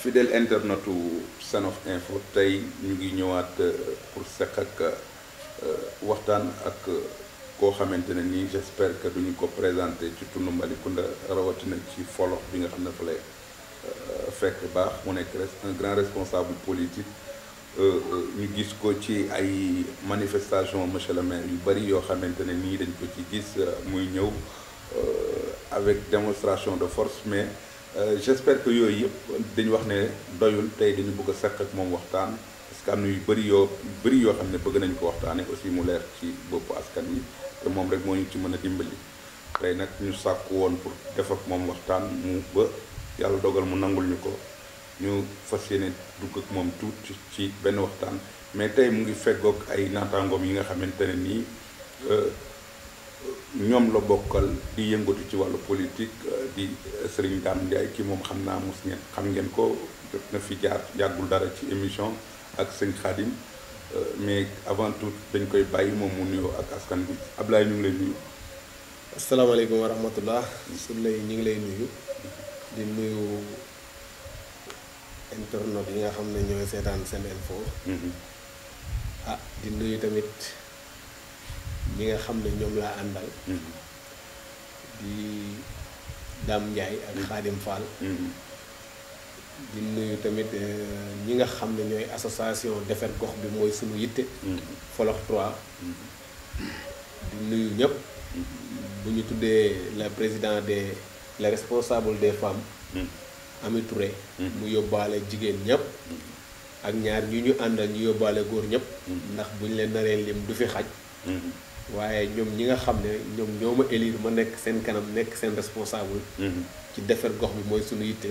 fidèle internetu Senaf Info tey ñu ngi ñëwaat euh, pour seq ak euh, waxtaan ak euh, koo xamante ne nii j'espère que duñu ko présenté ci tund Malicounda rawatina ci folof bi nga xam ne fa lay fekk baax mu nekk un grand responsable politique ñu gis ko ci ay manifestation monsieur le maire yu bari yoo xamante ne nii dañ ko ci gis muy ñëw avec démonstration de force mais Euh, j'espère que yooyu yëpp dañu wax ne doyul tey dañu bugg a seq ak moom waxtaan parce que am na yu bëri yoo bëri yoo xam ne bëgg nañu ko waxtaanee aussi mu leer ci boppu askan wi te moom rek moo ñu ci mën a dimbali tey nag ñu sàkku woon pour def ak moom waxtaan mu ba yàlla dogal mu nangul ñu ko ñu fas yeneen dugg ak moom tuut ci benn waxtaan mais tey mu ngi feggoog ay naataangoom yi nga xamante ne nii. Euh, ñoom la bokkal di yëngatu ci wàllu politique euh, di euh, Serigne Dame Ndiaye ki moom xam naa mos ngeen xam ngeen ko jot na fi jaar yàggul dara ci émission ak sëñ Khadim euh, mais avant tout dañ koy bàyyi moom mu nuyoo ak askan bi Ablaye ñu ngi lay nuyu. asalaamaaleykum wa rahmatullah suñ lay ñu ngi lay nuyu di nuyu internautes yi nga xam ne ñooy seetaan seen info. Mm-hmm. ah di nuyu tamit. ñi nga xam ne ñoom laa àndal mm-hmm. di Dame Ndiaye ak mm-hmm. Khadim Fall mm-hmm. di nuyu tamit euh, ñi nga xam ne ñooy association defar gox bi mooy suma yitte Folox 3 di nuyu ñëpp bu ñu tuddee la président des le responsable des femmes Ami Touré mu yóbbaale jigéen ñëpp ak ñaar ñu ñu àndal ñu yóbbaale góor ñëpp ndax bu ñu leen naree lim du fi xaj waaye ñoom ñi nga xam ne ñoom ñoo ma élire ma nekk seen kanam nekk seen responsable. Mm-hmm. ci defar gox bi mooy suñu yitte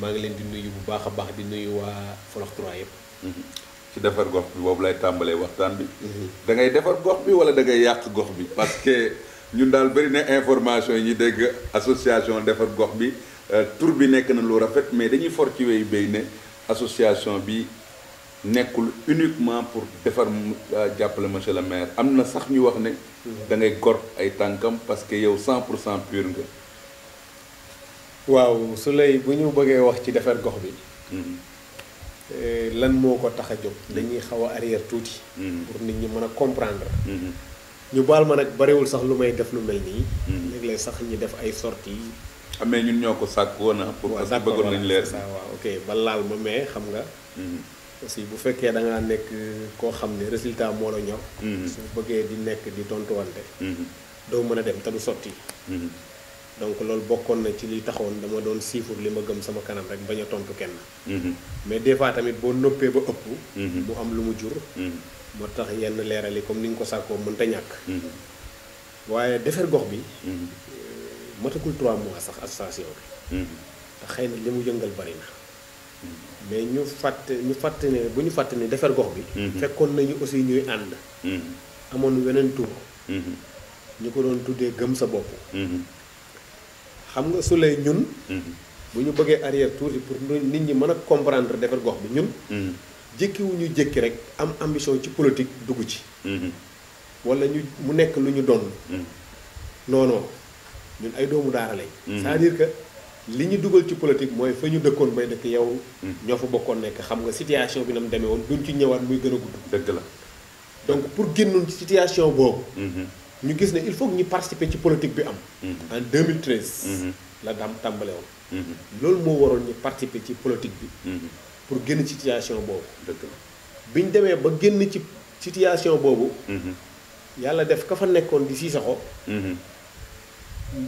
maa ngi leen di nuyu bu baax a baax di nuyu waa Folox 3 yëpp. Mm-hmm. ci defar gox bi boobu lay tàmbalee waxtaan bi. Mm-hmm. da ngay defar gox bi wala da ngay yàq gox bi parce que ñun daal bëri na information yi ñu dégg association defar gox bi euh, tur bi nekk na lu rafet mais dañuy for ci wéy béy ne association bi. nekkul uniquement pour defar euh, jàppale monsieur la maire am na sax ñu wax ne da ngay gor ay tànkam parce que yow cent pour cent pur nga waaw su lay bu ñu bëggee wax ci defar gox bi hmm. eh, lan moo ko tax a jóg hmm. dañuy xaw a arrière tuuti hmm. pour nit ñi mën a comprendre ñu baal ma nag bariwul sax lu may def lu mel nii léeg-léeg sax ñu def ay sorties yi amee ah, ñun ñoo ko sàkk woon ah, pour a que bëggoon nañ leer waaw ok ba laal ma mais xam nga aussi bu fekkee da ngaa nekk koo xam ne résultat moo la ñor. Mhm. su bëggee di nekk di tontuwante. Mhm. doo mën a dem te du sotti. Mhm. donc loolu bokkoon na ci li taxoon dama doon siifur li ma gëm sama kanam rek bañ a tontu kenn. mais des fois tamit boo noppee ba ëpp. mu am lu mu jur. moo tax yenn leeral comme ni nga ko sàkkoo mënta ñàkk. waaye defar gox bi. Euh, matagul 3 mois sax association bi. te xëy na li mu jëngal bari na. mais ñu fàtte ñu fàtte bu ñu fàtte ne defar gox bi. Mhm. fekkoon nañu aussi ñuy ànd. Mhm. amoon weneen tur. Mhm. ñu ko doon tuddee gëm sa bopp. xam nga su lay ñun. bu ñu bëggee arrière tuuti pour nit ñi mën a comprendre defar gox bi ñun. ñu jëkki rek am ambition ci politique dugg ci. walla ñu mu nekk lu ñu doon. non ñun ay doomu daara lañ. cest à li ñu dugal ci politique mooy fa ñu dëkkoon may dëkk yow. ñoo fa bokkoon nekk xam nga situation bi na mu demee woon duñ ci ñëwaat muy gën a gudd. dëgg la donc pour génnoon ci situation boobu. Mhm. ñu gis ne il faut ñu participer ci politique bi am. Mhm. en 2013. Mhm. la dam tàmbale loolu moo waroon ñu participer ci politique bi. pour génn ci situation boobu. dëgg la bi ñu demee ba génn ci situation boobu. yàlla def ka fa nekkoon di ko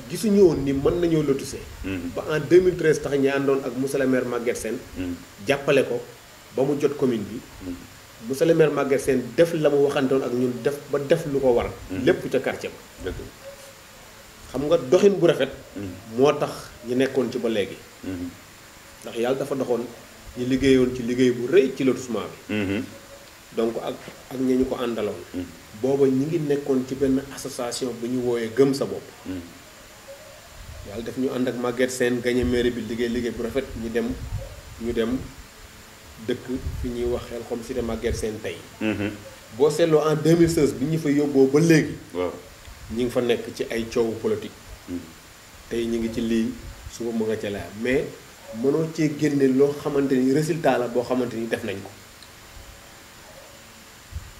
gisuñu woon ni mën nañoo lotissé mm-hmm. ba en 2013 tax ñi àndoon ak monsieur le seen jàppale ko ba mu jot commune bi mm-hmm. monsieur le maire Maguette def la mu waxantoon ak ñu def ba def lu ko war mm-hmm. lépp ca quartier ba xam nga doxin bu rafet moo tax ñu nekkoon ci ba léegi ndax yàlla dafa doxoon ñu liggéeyoon ci liggéey bu rëy ci lotissement bi donc ak ak ña ñu ko àndaloon booba ñu ngi nekkoon ci benn association bu ñu wooyee gëm sa bopp yàlla daf ñu ànd ak màgget seen gagné mairie bi liggéey liggéey bu rafet ñu dem ñu dem dëkk fi ñuy wax xel xom de màgget seen tey. Mhm. boo seetloo en 2016 bi ñu fa yóbboo ba léegi. waaw ñu ngi fa nekk ci ay coow politique. Mhm. tey ñu ngi ci lii suba mu nga ca mais mënoo ci génne loo xamante ni résultat la boo xamante ni def nañ ko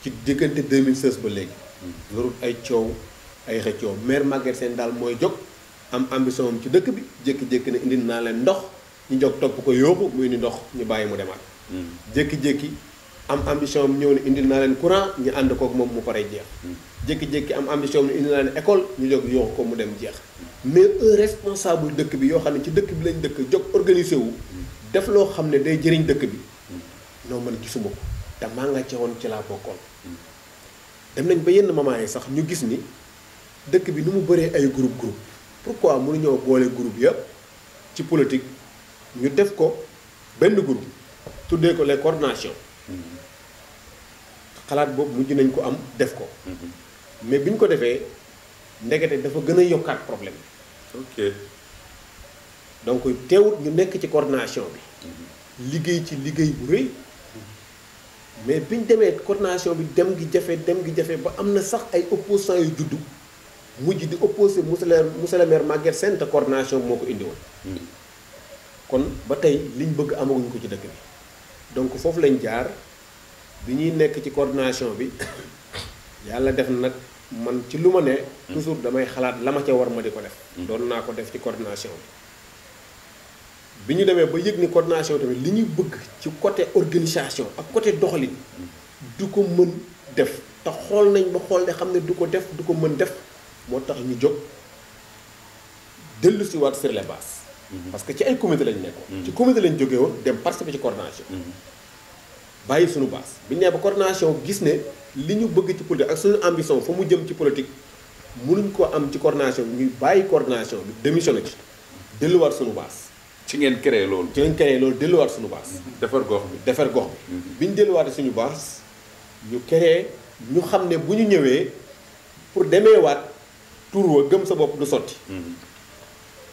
ci diggante 2016 ba léegi. Mhm. loolu ay coow ay xëccoo maire màgget seen daal mooy jóg. am ambition am ci dëkk bi jékki-jékki ne indi naa leen ndox ñu jóg topp ko yóbbu muy ni ndox ñu bàyyi mu demaat. Hmm. jékki-jékki am ambition am ñëw ne indil naa leen courant ñu ànd kook moom mu pare jeex. Hmm. jékki am ambition am indi naa leen école ñu jóg yóbbu ko mu dem jeex. mais un responsable dëkk bi yoo xam ne ci dëkk bi lañ dëkk jog organisé wu. Hmm. def loo xam ne day jëriñ dëkk bi. non man gisuma ko te maa nga ca woon ci laa bokkoon. dem nañ ba yenn moment yi sax ñu gis ni dëkk bi nu mu bëree ay groupe groupe. pour pourquoi mënuñoo boole groupe yëpp ci politique ñu def ko benn groupe tuddee ko les coordination xalaat boobu mujj nañ ko am def ko mais bi ñu ko defee ndekete dafa gën a yokkaat problème bi ok donc teewut ñu nekk ci cordination bi liggéey ci liggéey bu rëy mais bi ñu demee coordination bi dem gi jafe dem gi jafe ba am na sax ay opposants yu juddu mujj di opposé monsieur le monsieur le maire Maguette Sène te moo ko indi woon hmm. kon ba tey liñ bëgg amaguñ ko ci dëkk bi donc foofu lañ jaar bi ñuy nekk ci coordination bi yàlla def nag man ci lu ma ne hmm. toujours damay xalaat la ma ca war ma di ko def hmm. doon naa ko def ci coordination bi bi ñu demee ba yëg ni coordination tamit li ñuy bëgg ci côté organisation ak côté doxalin du ko mën def te xool nañ ba xool de xam ne du ko def du ko mën def moo tax ñu jóg dellu si waat sur les bases. Mhm. parce que ci ay comité lañ nekkoon. Mhm. ci comité lañ jógee woon dem participer ci coordination. Mhm. bàyyi suñu base bi ñu nee ba coordination gis ne li ñu bëgg ci politique ak suñu ambition fa mu jëm ci politique mënuñ ko am ci coordination bi ñuy bàyyi coordination bi démissionné ci delluwaat suñu base. ci ngeen créé loolu. ci ngeen créé loolu delluwaat suñu base. defar gox bi defar gox bi. bi ñu delluwaatee suñu base ñu créé ñu xam ne bu ñu ñëwee pour demee waat. tur wa gëm sa bopp du sotti. Mm-hmm.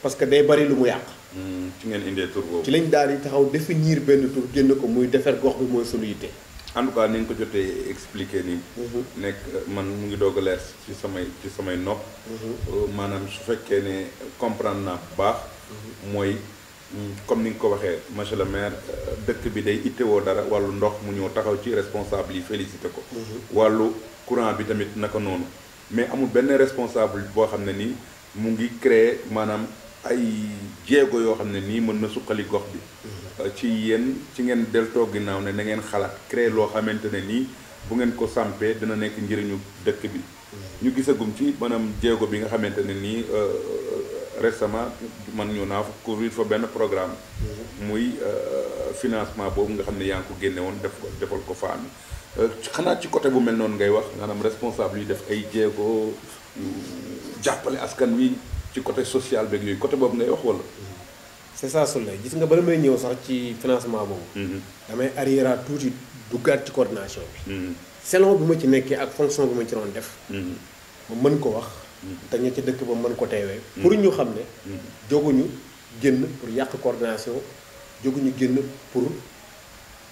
parce que day bari lu mu yàq. Mm-hmm. ci ngeen indee tur boobu. ci lañ daal di taxaw définir benn tur génn ko muy defar gox bi mooy sunu yitte. en tout cas ni nga ko jotee expliqué nii. Mm-hmm. nekk euh, man mu ngi doog a leer ci samay ci samay nopp. Euh, maanaam su fekkee ne comprendre naa baax. mooy mm, comme ni nga ko waxee monsieur le maire euh, dëkk bi day ittewoo dara wàllu ndox mu ñëw taxaw ci responsable yi félicité ko. wàllu courant bi tamit naka noonu. mais amul benn responsable boo xam ne nii mu ngi créer maanaam ay jéego yoo xam ne nii mën na suqali gox bi mm-hmm. euh, ci yéen ci ngeen del toog ginnaaw ne na ngeen xalaat crée loo xamante ne nii bu ngeen ko sampee dina nekk njëriñu dëkk bi mm-hmm. ñu gisagum ci maanaam jéego bi nga xamante ne nii euh, euh, récemment man ñu naa fa couvrir fa benn programme mm-hmm. muy financement boobu nga xam ne yaa ngi ko génne woon def ko defal ko famille xanaa ci côté bu mel noonu ngay wax maanaam responsable yi def ay jéego jàppale askan wi ci côté social beeg yooyu côté boobu ngay wax wala. c'est ça Souley gis nga bala may ñëw sax ci financement boobu. Mhm. damay arrière tuuti duggaat ci coordination bi. Mhm. selon bu ma ci nekkee ak fonction bu ma ci doon def. Mhm. ma mën ko wax. te ña ci dëkk ba mën ko teewee. pour ñu xam ne. joguñu génn pour yàq coordination joguñu génn pour.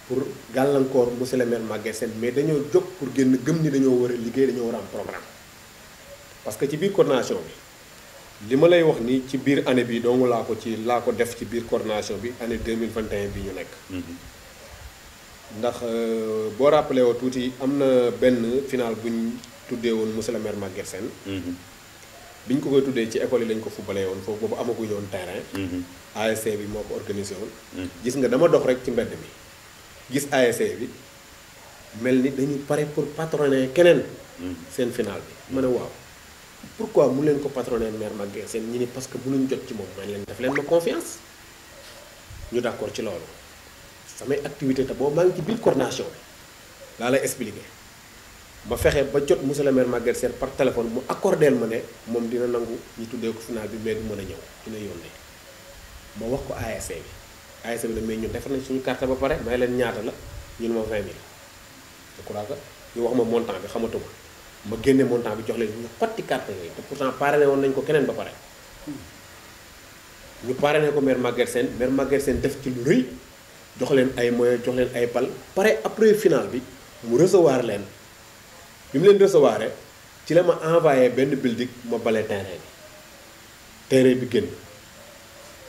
pour gàllankoor monsieur le maire Maguette Sène mais dañoo jóg pour génn gëm ni dañoo war a liggéey dañoo war a am programme parce que ci biir coordination bi li ma lay wax ni ci biir année bi dong laa ko ci laa ko def ci biir coordination bi année 2021 bi ñu nekk mm-hmm. ndax euh, boo rappelé woo tuuti am na benn final buñ tuddee woon monsieur le seen Maguette Sène mm-hmm. bi ñu ko koy tuddee ci école yi lañ ko fubalee woon foofu boobu amaguñu woon terrain mm-hmm. ASC bi moo ko organisé woon gis nga dama dox rek ci mbedd mi gis ASC bi mel ni dañu pare pour patronner keneen. Hmm. seen final bi ma ne waaw. pourquoi mu leen ko patronner maire Maguette seen ñi ni parce que mënuñ jot ci moom man leen def leen ma confiance ñu d'accord ci loolu samay activité te boobu maa ngi ci biir coordination laa lay expliqué ma fexe ba jot monsieur le maire Maguette Sène par téléphone mu accordeel ma ne moom dina nangu ñu tuddee ko final bi mais du mën a ñëw dina yónnee ma wax ko ASC bi. ASC bi mais ñun defar nañ suñu carte ba pare may leen ñaata la ñu ne ma 20 000 je crois ñu wax ma montant bi xamatuma ma génne montant bi jox leen ñu xotti carte yooyu te pourtant parrainé woon nañ ko keneen ba pare. ñu parrainé ko maire Maguette Sène maire Maguette Sène def ci lu rëy jox leen ay moyens jox leen ay bal pare après final bi mu recevoir leen bi mu leen recevoir ci la ma envoyé benn building ma bale terrain bi terrain bi génn.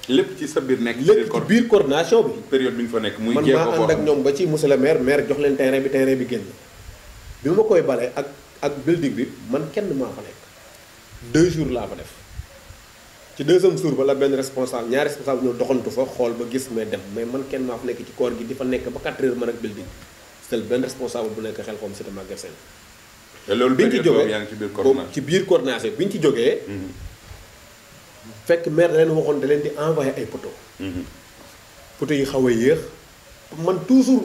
lépp ci sa biir nekk. lépp ci biir coordination bi. période bi ñu fa nekk muy. man maa ànd ak ñoom ba ci monsieur le maire maire jox leen terrain bi terrain bi génn bi ma koy bale ak ak building bi man kenn maa fa nekk deux jours laa fa def ci deuxième jour ba la benn responsable ñaar responsable ñoo doxantu fa xool ba gis may dem mais man kenn maa fa nekk ci koor gi di fa nekk ba 4 heures man ak building seul benn responsable bu nekk xel xoom cité Maguette Sène. te loolu bi ñu ci jógee ci biir coordination bi ñu ci jógee. Mhm. fekk maire da leen waxoon da leen di envoyé ay poto mhm. poto yi xaw a yéex man toujours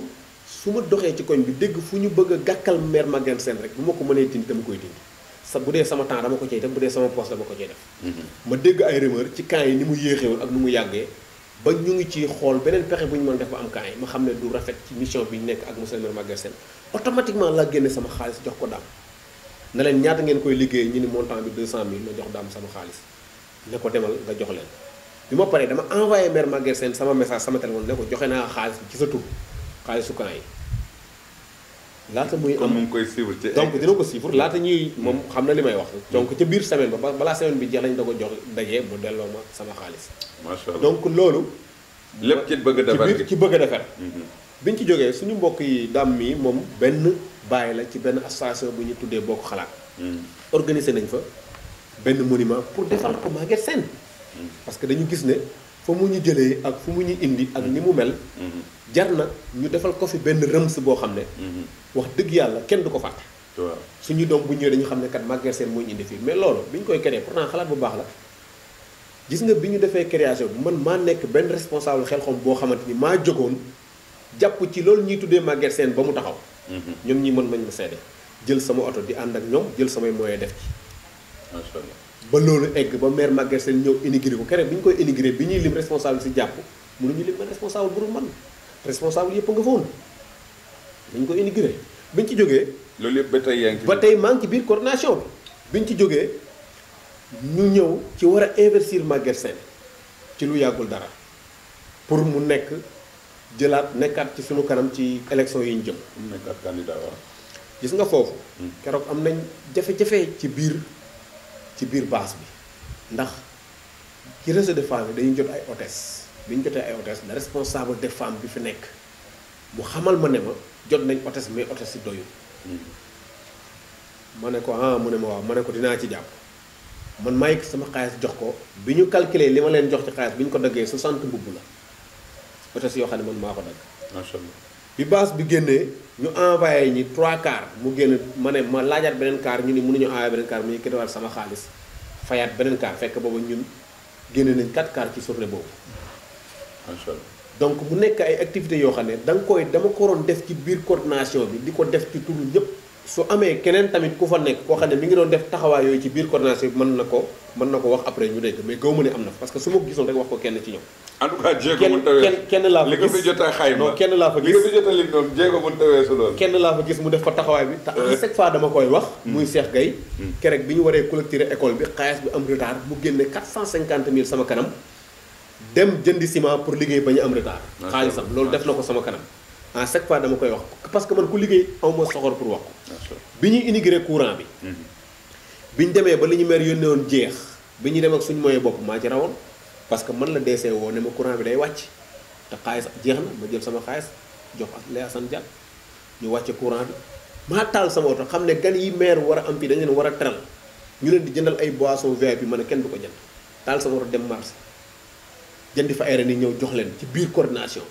su ma doxee ci koñ bi dégg fu ñu bëgg a gàkkal maire Maguette Sène rek bu ma ko mënee dindi dama koy dindi sa bu dee sama temps dama ko cay def dee sama poste dama ko cay def mhm. ma dégg ay rumeur ci camp yi ni mu yéexee woon ak nu mu yàggee ba ñu ngi ci xool beneen pexe bu ñu mën def ba am camp ma xam ne du rafet ci mission bi ñu nekk ak monsieur le maire Maguette Sène automatiquement laa génne sama xaalis jox ko daam na leen ñaata koy liggéey ñu ni montant bi 200000 ma jox daam sama xaalis ne ko demal nga jox leen bi ma paree dama envoyé mère Maguette seen sama message sama téléphone ne ko joxe naa xaalis ci sa tur xaalisu camp yi laata muy am mu koy suivre ci donc dina ko suivre laata ñuy moom xam na li may wax donc ci biir semaine ba balaa semaine bi jeex lañ da ko jox dajee mu delloo ma sama xaalis macha allah donc loolu lépp ci bëgg a defar ci bëgg a defar mhm. biñ ci jógee suñu mbokk yi daam mi moom benn bàyyi la ci benn association bu ñu tuddee bokk xalaat mhm. organisé nañ fa benn monument pour defal ko magget seen parce que dañu gis ne fa mu ñu jëlee ak fu mu ñu indi ak ni mu mel jar na ñu defal ko fi benn rëms boo xam ne wax dëgg yàlla kenn du ko fàtte suñu doom bu ñëwee dañu xam ne kat Maguette seen moo ñu indi fii mais loolu bi ñu koy créé pourtant xalaat bu baax la gis nga bi ñu defee création bi man maa nekk benn responsable Xelcom boo xamante ni maa jógoon jàpp ci loolu ñuy tuddee Maguette seen ba mu taxaw mhm. ñoom ñi mën nañ ma seede jël sama oto di ànd ak ñoom jël samay moyens def ci ba loolu egg ba maire Maguette Sène ñëw énigré ko keneen bi ñu koy énigré bi ñuy lim responsable si jàpp mu mënuñu lim man responsable bu man responsable yëpp nga fa woon bi ñu koy énigré bi ñu ci jógee. loolu yëpp ba tey yaa ba tey maa ngi ci biir coordination bi bi ci jógee ñu ñëw ci war a investir Maguette Sène ci lu yàggul dara pour mu nekk jëlaat nekkaat ci suñu kanam ci élection yi ñu jëm. nekkaat candidat waaw. gis nga foofu. Hmm. keroog am nañ jafe-jafe ci biir. ci biir base bi ndax ci réseau de femmes yi dañuy jot ay hôtesse bi ñu jotee ay hôtesse la responsable des femmes bi fi nekk bu xamal ma ne ma jot nañ hôtesse mais hôtesse si doyul ma ne ko ah mu ne ma waaw ma ne ko dinaa ci jàpp man maa yëg sama xaalis jox ko bi ñu calculer li ma leen jox ci xaalis bi ñu ko daggee 60 mbubb la hôtesse yoo xam ne man maa ko dagg macha bi baas bi génnee ñu envoyé ñi trois quarts mu génn ma ne ma laajaat beneen quart ñu ne mënuñu envoyé beneen quart mu yëkkatiwaat sama xaalis fayaat beneen quart fekk boobu ñun génne nañ quatre quarts ci soirée boobu. donc mu nekk ay activités yoo xam ne da koy dama ko waroon def ci biir coordination bi di ko def ci turu ñëpp. su amee keneen tamit ku fa nekk koo xam ne mi ngi doon def taxawaay yooyu ci biir coordination bi na ko mën na ko wax après ñu dégg mais gaw ma ne am na parce que su ma gisoon rek wax ko kenn ci ñoom. en tout cas jéego kenn laa fa gis a xayma a lim noonu laa fa mu def fa taxawaay bi. te à euh. chaque fois dama koy wax. Hmm. muy Cheikh Gueye. Hmm. keroog bi ñu waree collecter école bi xaalis bi am retard mu génne 450000 sama kanam dem jënd sima pour liggéey ba ñu am retard. xaalisam loolu def na ko sama kanam en chaque fois dama koy wax parce que man ku liggéey awma soxor pour wax ko bi ñuy intégré courant bi mhm. bi ñu demee ba li ñu meer yónnee woon jeex bi ñu dem ak suñ moyen bopp maa ci rawoon parce que man la deesee woo ne ma courant bi day wàcc te xaalis jeex na ma jël sama xaalis jox lay asan jàll ñu wàcce courant bi maa taal sama oto xam ne gan yi meer war a am fii dañ leen war a teral ñu leen di jëndal ay boisson VIP bi ma ne kenn du ko jënd taal sama oto dem marché jëndi fa ay yi ñëw jox leen ci biir coordination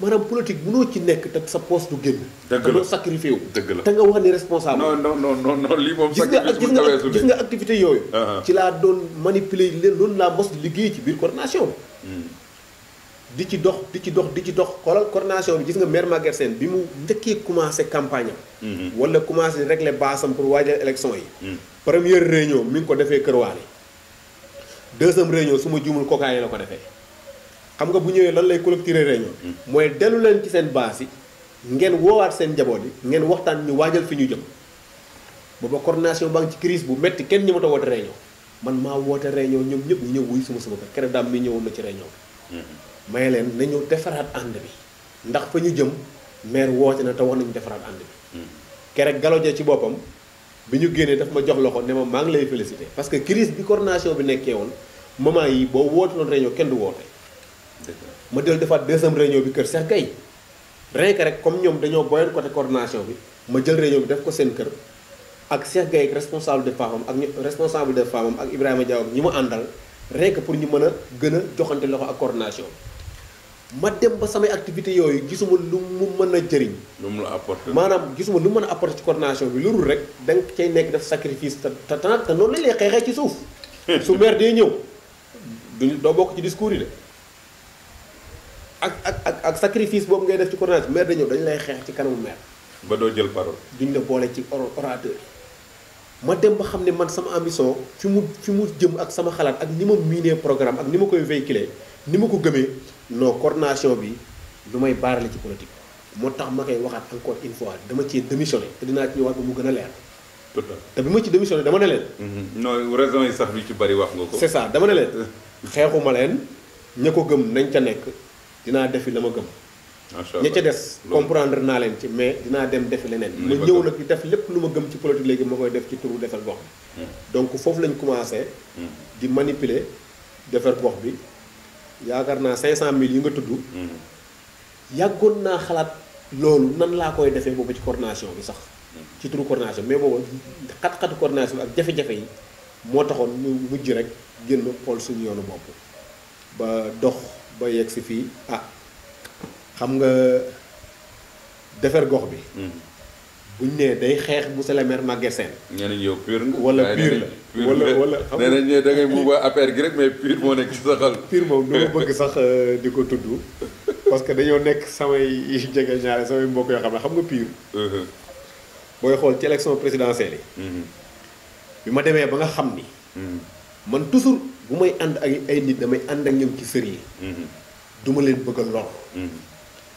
maanaam politique mënoo ci nekk te sa poste du génn. dëgg la te doo wu. dëgg la te nga wax ni responsable. non non non non non lii moom. sacrifice gis nga gis nga activité yooyu. Uh-huh. ci laa doon manipuler leen loolu laa mos di liggéey ci biir coordination bi. Hmm. di ci dox di ci dox di ci dox xoolal coordination bi gis nga maire Maguette Sène bi mu njëkkee commencé campagne am. Hmm. wala commencé régler baasam pour waajal élection yi. Hmm. première réunion mi ngi ko defee Kër Waale. deuxième su ma juumul kokaay la ko defee. xam nga bu ñëwee lan lay clôturer réunion hmm. mooy dellu leen ci seen baas yi ngeen woowaat seen njaboot yi ngeen waxtaan ñu waajal fi ñu jëm booba coordination baa ngi ci crise bu métti kenn ñëmata woote réunion man maa woote réunion ñoom ñëpp ñu ñëw wuy suma suma kër keroog daam mi ñëwoon na ci réunion bi hmm. may leen nañu defaraat ànd bi ndax fa ñu jëm maire woote na te wax nañu defaraat ànd bi hmm. keroog galoje ci boppam bi ñu génnee daf ma jox loxo ne ma maa ngi lay félicité parce que crise bi coordination bi nekkee woon moment yi boo woote loon réunion kenn du woote ma del defaat deuxième réunion bi kër Cheikh Gueye rien rek comme ñoom dañoo boyoon côté coordination bi ma jël réunion bi def ko seen kër ak Cheikh Gueye responsable de femme ak responsable de femme ak Ibrahima Diaw ñi ma àndal rien pour ñu mën a gën a joxante loxo ak coordination ma dem ba samay activité yooyu gisuma lu mu mën a jëriñ. lu mu la apporter maanaam gisuma lu mu mën a apporter ci coordination bi loolu rek da nga cay nekk def sacrifice te te te noonu lañ lay xeexee ci suuf. su maire day ñëw duñu doo bokk ci discours yi de. ak ak ak ak sacrifice boobu ngay def ci coordination maire dañu ñëw dañu lay xeex ci kanamu maire. ba doo jël parole. duñ la boole ci orateur yi ma dem ba xam ne man sama ambition fi mu fi mu jëm ak sama xalaat ak ni ma miinee programme ak ni ma koy véhiculer ni ma ko gëmee non coordination bi lu may baarale ci politique moo tax ma koy waxaat encore une fois dama ci démissionné dinaa ci ñëwaat mu gën a leer. te bi ma ci démissionné dama ne leen. Mm-hmm. non raison yi sax lu ci bari wax nga ko. c'est ça dama ne leen xeexuma leen ña ko gëm nañ ca nekk. dinaa def defi la ma gëm. macha allah ña ca des comprendre naa leen ci mais dinaa dem defi leneen. ma ñëw nag def lépp lu ma gëm ci politique léegi ma koy def ci turu defar gox bi. Hmm. donc foofu lañ commencé. Hmm. di manipuler defar gox bi yaakaar naa cinq mille yi nga tudd. Hmm. yàggoon naa xalaat loolu nan laa koy defee boobu ci coordination bi sax. ci turu coordination mais boobu xat-xatu coordination bi ak jafe-jafe yi moo taxoon ñu mujj rek génn xool suñu yoonu bopp. ba dox ba yeg si fii ah xam nga defar gox bi. Hmm. buñ nee day xeex monsieur le maire Maguette Sène. yow pur nga. wala pur la wala wala xam nga nee nañ da ngay mu affaire gi rek mais pur moo nekk ci sa xol. pur moom du ma bëgg sax euh, di ko tudd parce que dañoo nekk samay jege ñaare samay mbokk yoo xam ne xam nga pur. Uh-huh. booy xool ci élection présidentielle yi. Hmm. bi ma demee ba nga xam ni. Hmm. man toujours. bu may ànd ak ay nit damay ànd ak ñoom ci sër yi. Mhm. duma leen bëgg a mhm.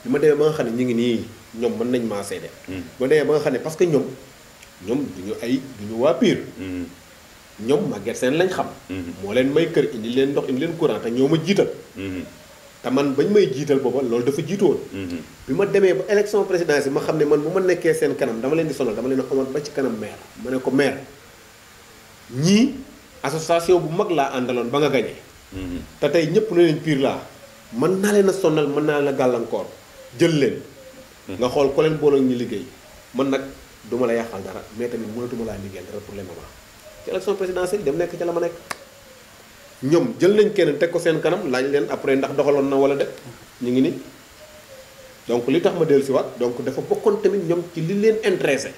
bi ma demee ba nga xam ne ñu ngi nii ñoom mën nañ maa seede. Mhm. ma demee ba nga xam ne parce que ñoom ñoom du ñu ay du ñu waa piir ñoom Maguette Sène lañ xam. moo leen may kër indi leen ndox indi leen courant te ñoo ma jiital. te man bañ may jiital booba loolu dafa jiitoon. bi ma demee ba élection présidentielle ma xam ne man bu ma nekkee seen kanam dama leen di sonal dama leen a xamal ba ci kanam maire ma ne ko maire association bu mag laa àndaloon ba nga gañe te tey ñëpp na leen piir laa mën naa leen a sonal mën naa leen a gàllankoor jël leen nga xool ko leen boole ñu liggéey mën nag du ma la yàqal dara mais tamit mënatuma laa liggéeyal dara pour le moment ci élection présidentielle dem nekk ca la ma nekk ñoom jël nañ kenn teg ko seen kanam laaj leen après ndax doxaloon na wala de ñu ngi ni donc li tax ma dellusiwaat donc dafa bokkoon tamit ñoom ci li leen intéressé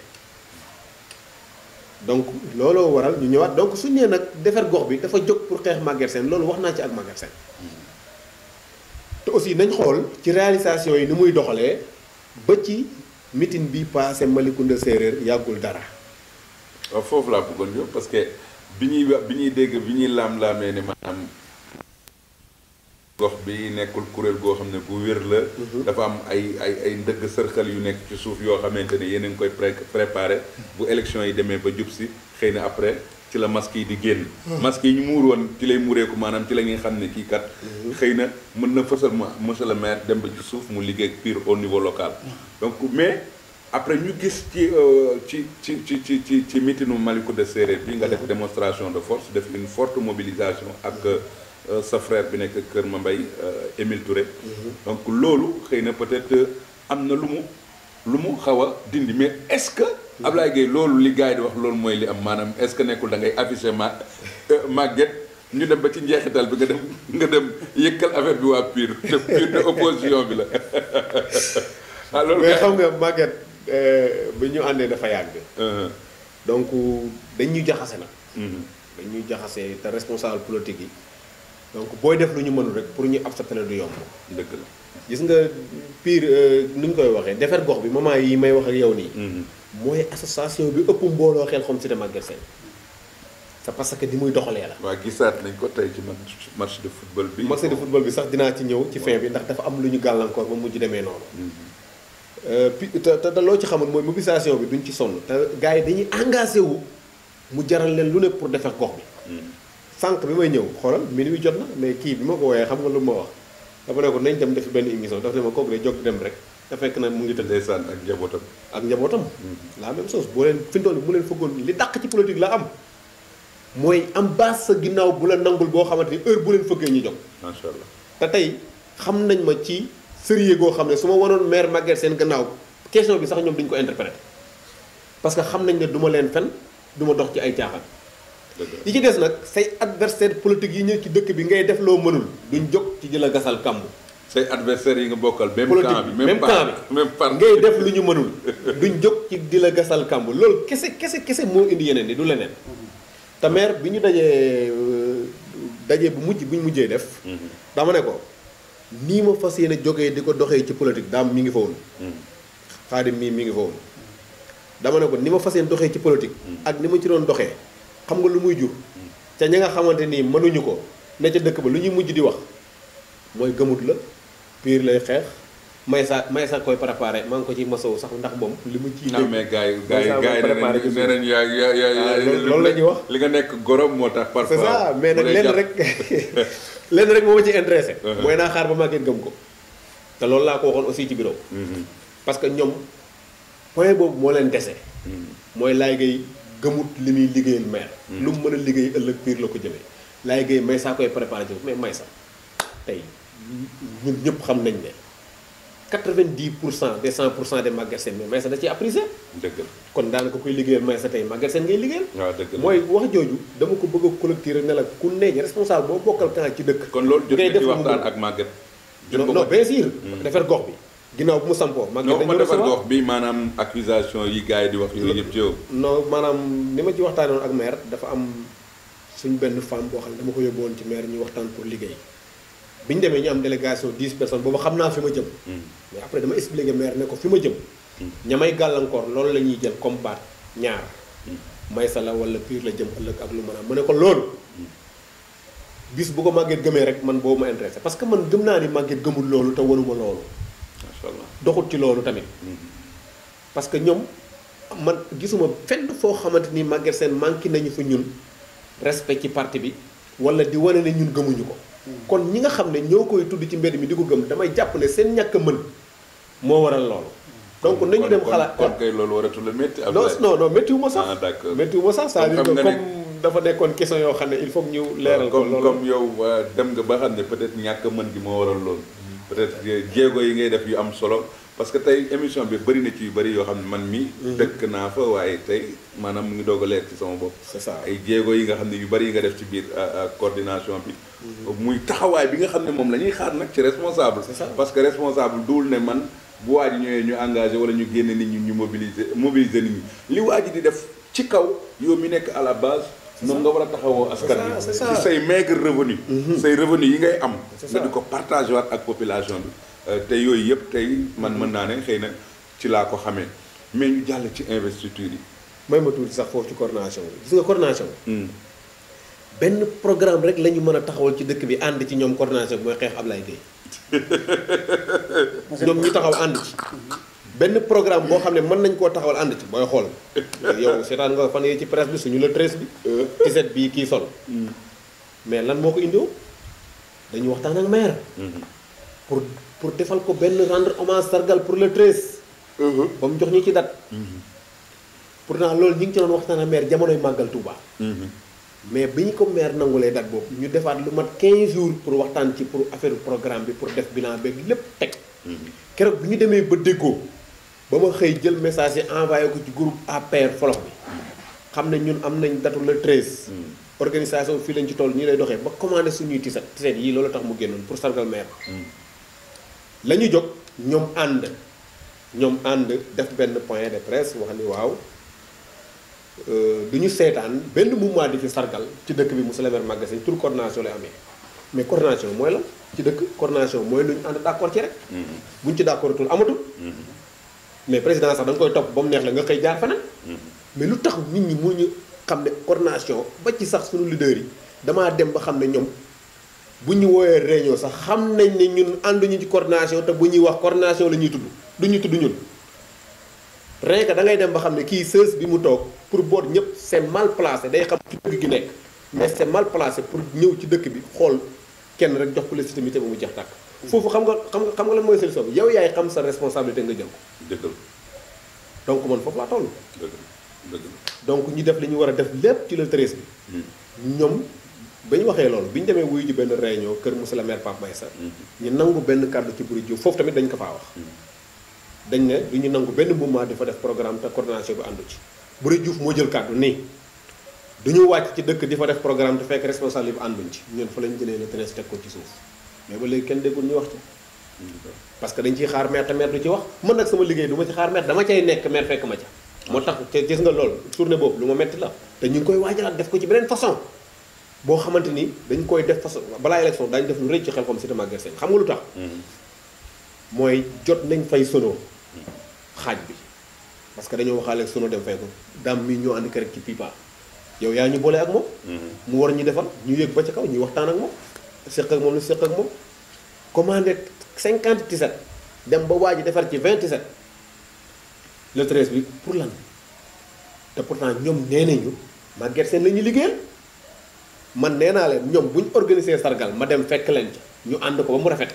donc looloo waral ñu ñëwaat donc suñ nee nag defar gox bi dafa jóg pour xeex Maguette Sène loolu wax naa ci ak Maguette Sène te aussi nañ xool ci réalisation yi ni muy doxalee ba ci meeting bi passé Malicounda séeréer yàggul dara. foofu laa bëggoon ñëw parce que bi ñuy wax bi ñuy dégg bi ñuy laam-laamee ne maanaam. gox bi nekkul kuréel goo xam ne bu wér la mhm. dafa am ay ay ay ndëgg sërxal yu nekk ci suuf yoo xamante ne yéen a ngi koy préparé mhm. bu élection yi demee ba jub si xëy na après ci la masque yi di génn mhm. masque yi ñu muur woon ci lay muureeku maanaam ci la ñuy xam ne kii kat xëy na mën na fësal ma monsieur le maire dem ba ci suuf mu liggéey ak pire au niveau local donc mais après ñu gis ci euh, ci ci ci ci ci ci mitinu Malicounda Séeréer bi nga def démonstration de force def une forte mobilisation ak Euh, sa frère bi nekk Kër ma Mambay euh, Émile Touré. Mhm. donc loolu xëy na peut-être euh, am na lu mu lu mu xaw a dindi mais est-ce que. Mhm. Ablaye Gueye loolu li gars yi di wax loolu mooy li am maanaam est-ce que nekkul da ngay affiché ma màgget ñu dem ba ci njeexital bi nga dem nga dem yëkkal affaire bi waa PUR te PUR opposition bi la. ah loolu mais xam nga màgget ba ñu àndee dafa yàgg. Uh-huh. donc dañ ñu jaxase nag. Mm-hmm. dañ ñu jaxase te responsable politique yi. donc booy def lu ñu mënul rek pour ñu sa la du yomb. dëgg la gis nga pire euh, nu ñu koy waxee defar gox bi moment yi may wax ak yow nii. Mhm. mooy association bi ëpp mbooloo xel xom si dem ak Gersen. c'est parce que di muy doxalee la. waaw gisaat nañ ko tey ci match de football bi. match de football bi sax dinaa ci ñëw ci fin bi ndax dafa am lu ñu gàllankoor ba mujj demee noonu. Mhm. Euh, pi te te loo ci xamul mooy mobilisation bi duñ ci sonn te gars yi dañuy engagé wu mu jaral leen lu ne pour defar gox sànq bi may ñëw xoolal minuit jot na mais kii bi ma ko wooyee xam nga lu ma wax dafa ne ko nañ dem def benn émission dafa ne ma kooku de jóg dem rek te fekk na mu ngi tëdd. ndeysaan ak njabootam. ak njabootam. Hmm. la même chose boo leen fi mu toll mu leen fëggoon li dàq ci politique la am mooy am base sa ginnaaw bu la nangul boo xamante ni heure bu leen fëggee ñu jóg. macha allah te tey xam nañ ma ci sérieux goo xam ne su ma wanoon maire Maguette seen gannaaw question bi sax ñoom duñ ko interpréter parce que xam nañ ne du ma leen fen du ma dox ci ay caaxaan. yi ci des nag say adversaire politique yi ñëw ci dëkk bi ngay def loo mënul duñ jóg ci jël a gasal kàmb say adversaire yi nga bokkal même camp bi même camp bi même parti ngay def lu ñu mënul duñ jóg ci di la gasal kàmb loolu kese kese kese moo indi yeneen ni du leneen te maire bi ñu dajee euh, dajee bu mujj bu ñu mujjee def mhm. dama ne ko nii ma fas yéene jógee di ko doxee ci politique daam mi ngi fa woon mhm. xaadim mii mi ngi fa woon dama ne ko ni ma fas yéene doxee ci politique mhm. ak ni ma ci doon doxee xam nga lu muy jur ca ñi nga xamante ni mënuñu ko ne ca dëkk ba lu ñuy mujj di wax mooy gëmut la piir lay xeex may sa may sa koy préparé maa ngi ko ci masow sax ndax moom li mu ciy non mais gars yi gars yi la ñuy wax li nga nekk gorom moo tax parfois c'est ça mais rek lenn rek moo ci intéressé uh-huh. mooy naa xaar ba màggee gëm ko te loolu laa ko waxoon aussi ci bureau mm-hmm. parce que ñoom point boobu moo leen dese mm-hmm. mooy laay gay gëmut li muy liggéeyal maire. Mm. lu mu mën a liggéey ëllëg biir la ko jëmee. laay géey may saa koy préparé may sa tey ñun ñëpp xam nañ ne quatre-vingt-dix pour cent des cent pour cent des magasins mais may sa da ciy apprécié. dëgg la kon daanaka kuy liggéeyal may sa tey magasin ngay liggéeyal. mooy wax jooju dama ko bëgg a collecté ne la ku ne responsable boo bokkal kan ci dëkk. kon loolu jot na ci waxtaan ak màgget. jot nga ko non bien sûr. Mm. defar gox bi. ginnaaw bu mu sampoo. mag dañu ma defar gox bi maanaam accusation yi gars yi di wax yooyu yëpp ci yow. non ni ma ci waxtaanoon ak maire dafa am suñ benn femme boo xam ne dama ko yóbbuwoon ci maire ñu waxtaan pour liggéey bi ñu demee ñu am délégation dix personnes boobu xam naa fi ma jëm. Hmm. mais après dama expliqué maire ne ko fi ma jëm. Hmm. ñamay gàllankoor loolu la ñuy jël comme baat ñaar. Hmm. may sa la wala pire la jëm ëllëg ak lu mën a mu ne ko loolu. bis bu ko màgget gëmee rek man boobu ma intéressé parce que man gëm naa ni màgget gëmul loolu te waruma loolu. doxut ci loolu tamit. Mm-hmm. parce que ñoom man gisuma fenn foo xamante ni Maguette seen manqué nañu fa ñun respect ci parti bi wala di wane ne ñun gëmuñu ko. Mm-hmm. kon ñi nga xam ne ñoo koy tudd ci mbedd mi di ko gëm damay jàpp ne seen ñàkk mën moo waral loolu. Mm-hmm. donc nañu dem xalaat kon kay loolu waratul la métti. non non méttiwu ma sax. ah d'accord méttiwu sax cest dafa nekkoon question yoo xam ne il faut ñu leeral ko loolu comme yow dem nga ba xam ne peut-être ñàkk mën gi moo waral loolu peut yi ngay def yu am solo parce que tey émission bi bëri na ci yu bëri yoo xam ne man mi mhm. dëkk naa fa waaye tey maanaam mu ngi doog a leer ci sama bopp c'est ça ay jéego yi nga xam ne yu bëri nga def ci biir euh, euh, coordination bi mhm. muy taxawaay bi nga xam ne moom la ñuy xaar nag ci responsable parce que responsable duul ne man bu waa ñëwee ñu engagé wala ñu génne nit ñu ñu mobiliser mobiliser nit ñi li waa ji di def ci kaw yow mi nekk à la base noonu nga war a taxawoo askan bi ci say maigre revenu mhm. say revenu yi ngay am nga di ko partagé waat ak population bi euh, te yooyu yëpp tey man mën naa ne xëy na ci laa ko xamee mais ñu jàll ci investiture yi mooy ma tuuti sax foofu ci coordination bi gis nga coordination hmm. benn programme rek la ñu mën a taxawal ci dëkk bi ànd ci ñoom coordination bi mooy xeex Ablaye Gueye ñoom ñu taxaw ànd ci mhm. benn programme boo xam ne mën nañ koo taxawal ànd ci booy xool yow seetaan nga fan yii ci presse bi suñu la treize bi tiset bi kii sol mais lan moo ko indiwoon dañu waxtaan ak maire pour pour defal ko benn rendre hommage sargal pour le treize ba mu jox ñu ci pour pourtant loolu ñu ngi ci doon waxtaan ak maire jamonoy màggal Touba mais bi ñu ko maire nangulee date boobu ñu defaat lu mat quinze jours pour waxtaan ci pour affaire programme bi pour def bilan beeg lépp teg keroog bi ñu demee ba déggoo ba ma xëy jël message yi envoyé ko ci groupe APR Folox bi xam ne ñun am nañ datu le 13. Mm. organisation fii lañ ci toll ñii lay doxee ba commandé suñuy tiset tiset yii loolu tax mu génnoon pour sargal maire. Mm. la ñu jóg ñoom ànd ñoom ànd def benn point de presse wax ni waaw euh, du ñu seetaan benn mouvement di fi sargal ci dëkk bi monsieur le maire Maguette Sèye tur lay amee mais coordination mooy la ci dëkk coordination mooy lu ñu ànd d' ci rek. Mm-hmm. buñ ci d' amatul. Mm-hmm. mais président sax da koy topp ba mu neex la nga xëy jaar fanaan. Hmm. mais lu tax nit ñi moo ñu xam ne coordination ba ci sax suñu leader yi damaa dem ba xam ne ñoom bu ñu woowee réunion sax xam nañ ne ñun ànduñu ci cordination te bu ñuy wax coordination la ñuy tudd du ñu tudd ñun. rien que da ngay dem ba xam ne kii sës bi mu toog pour boot ñëpp c' mal placé day xam ci dëkk gi nekk mais c' mal placé pour ñëw ci dëkk bi xool kenn rek jox ko légitimité ba mu jeex foofu xam nga xam nga xam nga lan mooy solution bi yow yaay xam sa responsabilité nga jël ko. dëgg donc man foofu laa toll. dëgg la donc ñu def li ñu war a def lépp ci le treize bi. Hmm. ñoom ba ñu waxee loolu bi ñu demee wuy ji benn réunion kër mu monsieur le maire Pape Maïssa. Hmm. ñu nangu benn kàddu ci Buri Diouf foofu tamit dañ ko faa wax. Hmm. dañ ne du ñu nangu benn moment di fa def programme te coordination bi àndu ci Buri Diouf moo jël kàddu nii. du ñu wàcc ci dëkk di fa def programme fekk responsable bi ànduñ ci ñun fa lañ teg ko ci suuf. mais ba léegi kenn déggul ñu wax ci parce que dañ ciy xaar maire te maire du ci wax man nag sama liggéey du ma ci xaar maire dama cay nekk maire fekk ma ca moo tax te gis nga loolu tournée boobu lu ma metti la ñu koy waajalaat def ko ci beneen façon boo xamante ni dañ koy def façon balaa élection daañu def lu rëy ci xel comme cité Maguette Sène xam nga lu tax mm-hmm. mooy jot nañ fay sono xaaj bi parce que dañoo waxaale ak sono dem fay ko daam mii ñoo ànd kër ci pipa yow yaa ñu boole ak moom mm-hmm. mu war ñu defal ñu yëg ba ca kaw ñuy waxtaan ak moom séq ak moom la séq ak moom commandé cinquante tiset dem ba waa ji defar ci 20 tiset le treize bi pour lan te pourtant ñoom nee nañu Maguette seen la ñuy liggéeyal man nee naa leen ñoom bu ñu organisé sargal ma dem fekk leen ca ñu ànd ko ba mu rafet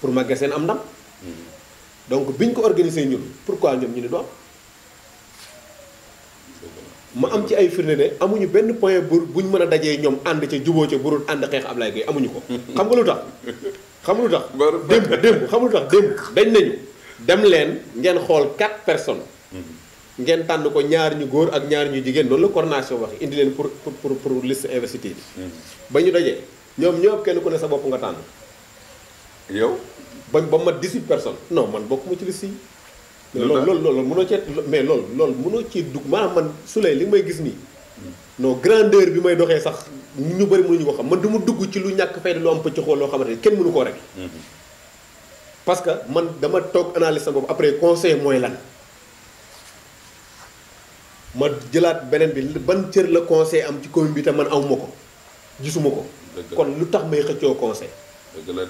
pour Maguette seen am ndam mm. donc bi biñ ko organisé ñun pourquoi ñoom ñu ne doom ma am ci ay firnde ne amuñu benn point bu buñ mën a dajee ñoom ànd ca juboo ca burul ànd xeex Ablaye Gueye amuñu ko. xam nga lu tax xam nga lu tax. démb démb xam nga lu tax démb dañ nañu dem leen ngeen xool quatre personnes. ngeen tànn ko ñaar ñu góor ak ñaari ñu jigéen noonu la coordination wax indi leen pour pour pour liste investiture bi. Hmm. ba ñu dajee ñoom ñoo kenn ku ne sa bopp nga tànn. yow. bañ ba mat 18 personnes. non man bokkuma ci liste yi. loolu loolu loolu mënoo cee mais loolu loolu mënoo cee dugg maanaam man sulee li may gis nii non grandeur bi may doxee sax ñu bëri mënuñu ko xam man du ma dugg ci lu ñàkk fayda lu am pëcc xool loo xamante ni kenn mënu koo rek parce que man dama toog analyse sa bopp après conseil mooy lan ma jëlaat beneen bi ban cër la conseil am ci commune bi te man amuma ko gisuma ko kon lu tax may xëccoo conseil la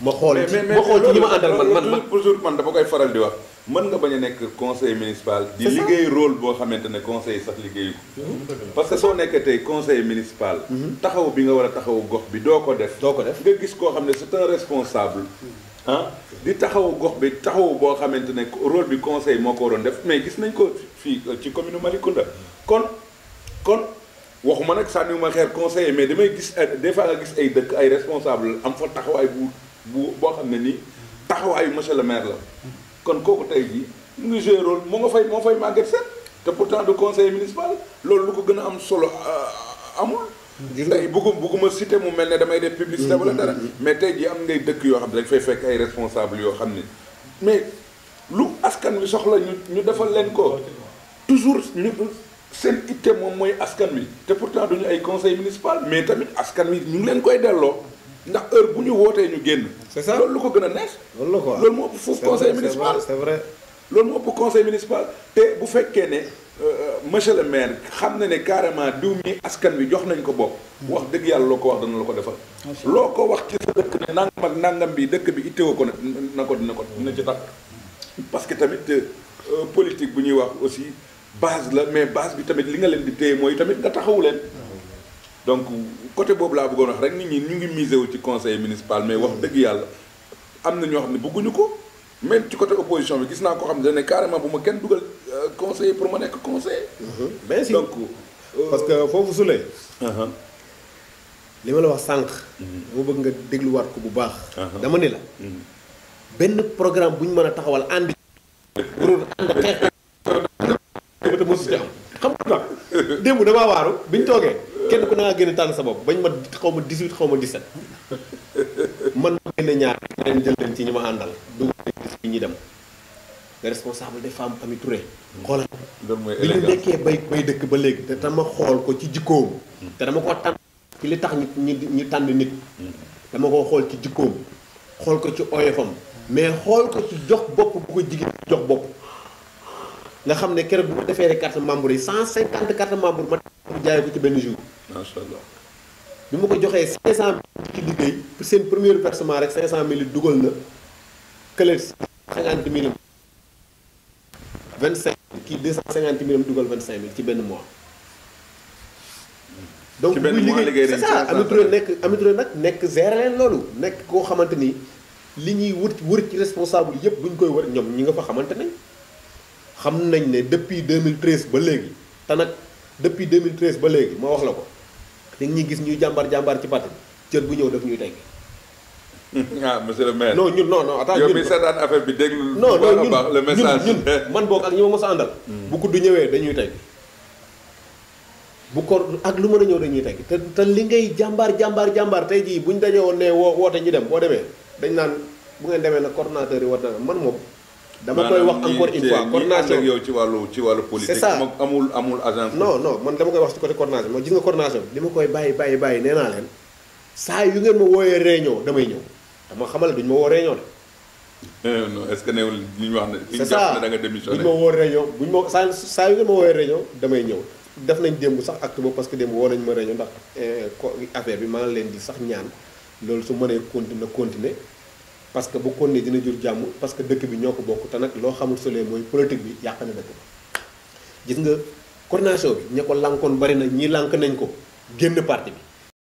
ma xool ci ma xool ci ñi ma àndal man man man man dama koy faral di wax mën nga bañ a nekk conseil municipal di liggéey rôle boo xamante ne conseil sax liggéeyu mmh. Mmh. Mmh. parce que soo nekkee tey conseil municipal taxaw bi nga war a taxaw gox bi doo ko def doo ko def nga gis koo xam ne c'est responsable ah di taxaw gox bi taxaw boo xamante ne rôle bi conseil moo ko waroon def mais gis nañ ko fii euh, ci commune Malicounda kon kon waxuma nag sànniwuma xeer conseil mais damay gis euh, des fois nga gis ay dëkk ay responsable am fa taxawaay bu bu boo xam ne nii taxawaayu monsieur le maire la kon kooku tey jii mu ngi joué rôle mu nga fay moo fay màgget seet te pourtant du conseil municipal loolu lu ko gën a am solo euh, amul tey buggu bugguma cité mu mel ne damay def publicité wala dara mm-hmm. mais tey jii am ngay dëkk yoo xam ne dañ fay fekk ay responsable yoo xam ni mais lu askan wi soxla ñu ñu defal leen ko toujours ñu seen itte moom mooy askan wi te pourtant duñu ay conseil municipal mais tamit askan wi ñu ngi leen koy delloo ndax heure bu ñu wootee ñu génn. c'est loolu lu ko gën a neex. loolu la ko quoi loolu moo ëpp foofu conseil municipal c'est vrai loolu moo ëpp conseil te bu fekkee ne euh, euh, monsieur le maire xam na ne carrément diw mi askan wi jox nañ ko bu wax dëgg yàlla loo ko wax dana la ko defal. loo ko wax ci sa dëkk ne nangam ak nangam bi dëkk bi itteewoo ko na ko dina ko dina ci tax parce que tamit euh, politique bu ñuy wax aussi base la mais base bi tamit li nga leen di téye mooy tamit nga taxawu leen. donc côté boobu laa bëggoon wax rek nit ñi ñu ngi misé wu ci conseil municipal mais wax dëgg yàlla am na ñoo xam ne bëgguñu ko même ci côté opposition bi gis naa ko xam ne ne carrément bu ma kenn dugal euh, conseiller pour ma nekk conseiller. bien mhm. sûr donc. Euh, parce que foofu su lee. Uh-huh. li ma la wax sànq. Mhm. dama bëgg nga dégluwaat ko bu baax. Uh-huh. dama ne la. Mhm. benn programme bu ñu mën a taxawal ànd. pour ànd xeex. xam nga démb damaa waaru bi ñu toogee. kenn ku ne nga génne tànn sa bopp bañ ma xaw ma 18 xaw ma set man ma génne ñaar leen jël leen ci ñi ma àndal du leen ci ñi dem le responsable des fem Ami Touré xoolal bi ñu nekkee bay bay dëkk ba léegi te dama xool ko ci jikkoom hmm. te dama ko tànn ci li tax ñi ñu tànn nit hmm. dama ko xool ci jikkoom xool ko ci oyofam mais xool ko ci jox bopp bu ko jigéen jox bopp nga xam ne keroog bu ma defee rek carte membre yi 150 carte membre ma jaay ko ci benn jour macha allah bi ma ko joxee 500000 ci liggéey pour seen premier versement rek 500000 dugal na kële 50000 25 kii 250000 dugal 25000 ci benn mois. Hmm. donc bu liggéey liggéey c'est ça Ami Touré nekk Ami nag nekk gérer leen loolu nekk koo xamante ni li ñuy wër wër ci responsable yëpp bu ñu koy wër ñoom ñi nga fa xamante ne xam nañ ne depuis 2013 ba léegi te nag depuis 2013 ba léegi ma wax la ko. dañ ñuy gis ñuy jàmbar jàmbar ci parti bi cër bu ñëw def ñuy teg. ah monsieur le maire. non ñun non non attends ñun yow mi bi dégg. non non ñun le message ñun man boog ak ñu ma mos a àndal. Hmm. bu gudd ñëwee dañuy teg. bu ko ak lu mën a ñëw dañuy teg te te li ngay jàmbaar jàmbar jàmbaar tey jii bu ñu dajewoon ne woo woote ñu dem boo demee dañ naan bu ngeen demee nag coordonnateur yi war na man moom dama koy wax encore une fois coordination yow ci wàllu ci wàllu politique c'est ça amul amul agent non non man dama koy wax ci côté coordination moo gis nga coordination li ma koy bàyyi bàyyi bàyyi nee naa leen saa yu ngeen ma wooyee réunion damay ñëw dama xamal duñ ma woo réunion de eh, non est-ce que newul li ñu wax ne da nga démissionné buñ ma woo réunion buñ ma saa saa yu ngeen ma wooyee réunion damay ñëw def nañ démb sax ak boobu parce que démb woo nañ ma réunion ndax eh, affaire bi maa leen di sax ñaan loolu su mënee continuer continuer parce que bu kon ne dina jur jàmm parce que dëkk bi ñoo ko bokk te nag loo xamul solee mooy politique bi yàq na dëkk gis nga coordination bi ña ko lànkoon bari na ñi lànk nañ ko génn parti bi